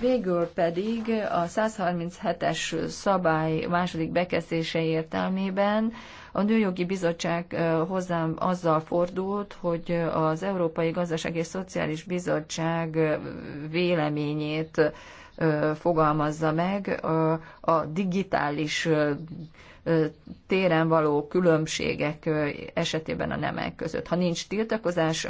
Végül pedig a 137-es szabály második bekezdése értelmében a Nőjogi Bizottság hozzám azzal fordult, hogy az Európai Gazdaság és Szociális Bizottság véleményét fogalmazza meg a digitális téren való különbségek esetében a nemek között. Ha nincs tiltakozás,